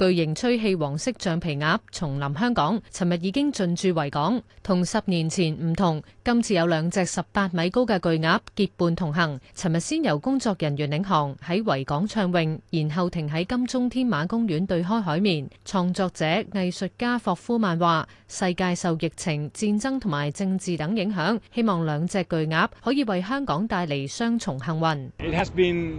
巨型吹氣黃色橡皮鴨重臨香港，尋日已經進駐維港。同十年前唔同，今次有兩隻十八米高嘅巨鴨結伴同行。尋日先由工作人員領航喺維港暢泳，然後停喺金鐘添馬公園對開海面。創作者藝術家霍夫曼話：世界受疫情、戰爭同埋政治等影響，希望兩隻巨鴨可以為香港帶嚟雙重幸運。It has been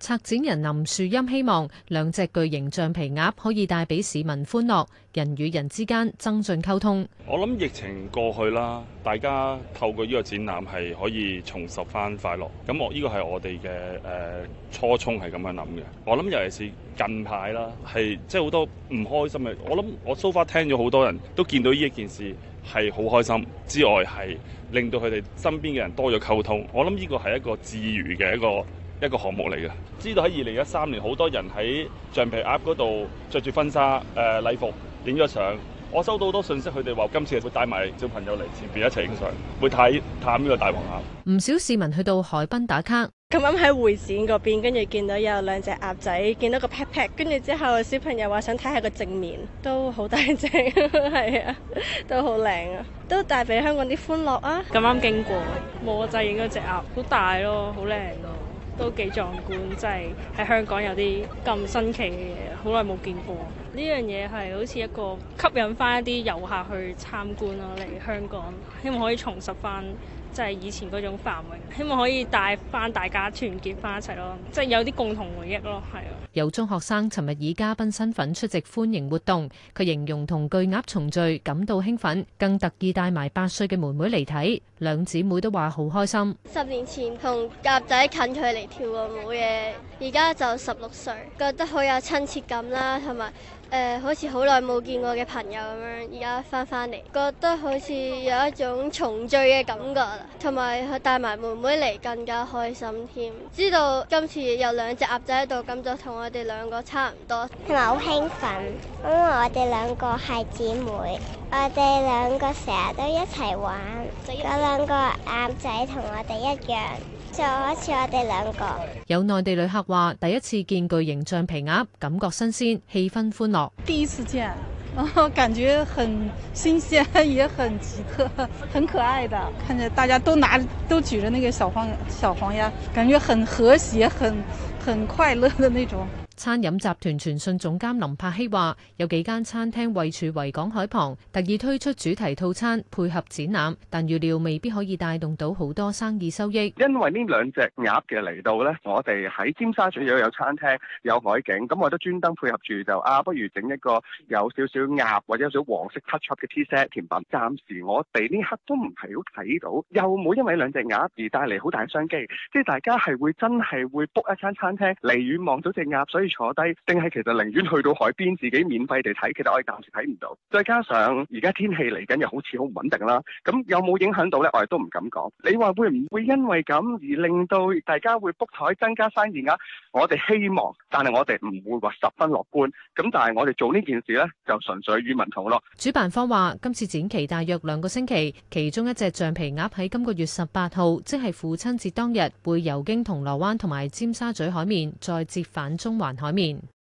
策展人林樹鑫希望兩隻巨型橡皮鴨可以帶俾市民歡樂，人與人之間增進溝通。我諗疫情過去啦，大家透過呢個展覽係可以重拾翻快樂。咁、這個、我呢個係我哋嘅誒初衷係咁樣諗嘅。我諗尤其是近排啦，係即係好多唔開心嘅。我諗我 so far 聽咗好多人都見到呢一件事係好開心之外是，係令到佢哋身邊嘅人多咗溝通。我諗呢個係一個治愈嘅一個。一個項目嚟嘅，知道喺二零一三年，好多人喺橡皮鴨嗰度着住婚紗誒禮服影咗相。我收到好多信息，佢哋話今次會帶埋小朋友嚟前邊一齊影相，會睇探呢個大黃鴨。唔少市民去到海濱打卡，咁啱喺會展嗰邊，跟住見到有兩隻鴨仔，見到一個 pat pat，跟住之後小朋友話想睇下個正面，都好大隻，係 啊，都好靚啊，都帶俾香港啲歡樂啊。咁啱經過，冇啊，就係影咗隻鴨，好大咯，好靚咯。都幾壯觀，真係喺香港有啲咁新奇嘅嘢，好耐冇見過。呢樣嘢係好似一個吸引翻一啲遊客去參觀咯、啊，嚟香港希望可以重拾翻即係以前嗰種繁榮，希望可以帶翻大家團結翻一齊咯、啊，即係有啲共同回憶咯，係啊！有中學生尋日以嘉賓身份出席歡迎活動，佢形容同巨鴨重聚感到興奮，更特意帶埋八歲嘅妹妹嚟睇，兩姊妹都話好開心。十年前同鴨仔近距離跳過舞嘅，而家就十六歲，覺得好有親切感啦，同埋。誒、呃，好似好耐冇見我嘅朋友咁樣，而家翻翻嚟，覺得好似有一種重聚嘅感覺啦。同埋佢帶埋妹妹嚟更加開心添。知道今次有兩隻鴨仔喺度，咁就同我哋兩個差唔多，同咪好興奮，因為我哋兩個係姊妹。我哋兩個成日都一齊玩，有兩個鴨仔同我哋一樣，就好似我哋兩個。有內地旅客話：第一次見巨型橡皮鴨，感覺新鮮，氣氛歡樂。第一次見，感覺很新鮮，也很奇特，很可愛的。看着大家都拿都舉着那個小黃小黃鴨，感覺很和諧，很很快樂的那種。餐飲集團傳訊總監林柏希話：有幾間餐廳位處維港海旁，特意推出主題套餐配合展覽，但預料未必可以帶動到好多生意收益。因為呢兩隻鴨嘅嚟到呢，我哋喺尖沙咀有餐廳有海景，咁我都專登配合住就啊，不如整一個有少少鴨或者有少黃色 touch-up 嘅 t-shirt 甜品。暫時我哋呢刻都唔係好睇到又冇因為兩隻鴨而帶嚟好大嘅商機，即係大家係會真係會 book 一餐餐廳，離遠望到隻鴨，所以。坐低定係，其實寧願去到海邊自己免費地睇，其實我哋暫時睇唔到。再加上而家天氣嚟緊又好似好唔穩定啦，咁有冇影響到呢？我哋都唔敢講。你話會唔會因為咁而令到大家會 book 台增加生意額？我哋希望，但係我哋唔會話十分樂觀。咁但係我哋做呢件事呢，就純粹與民同樂。主辦方話今次展期大約兩個星期，其中一隻橡皮鴨喺今個月十八號，即係父親節當日，會游經銅鑼灣同埋尖沙咀海面，再折返中環。海面。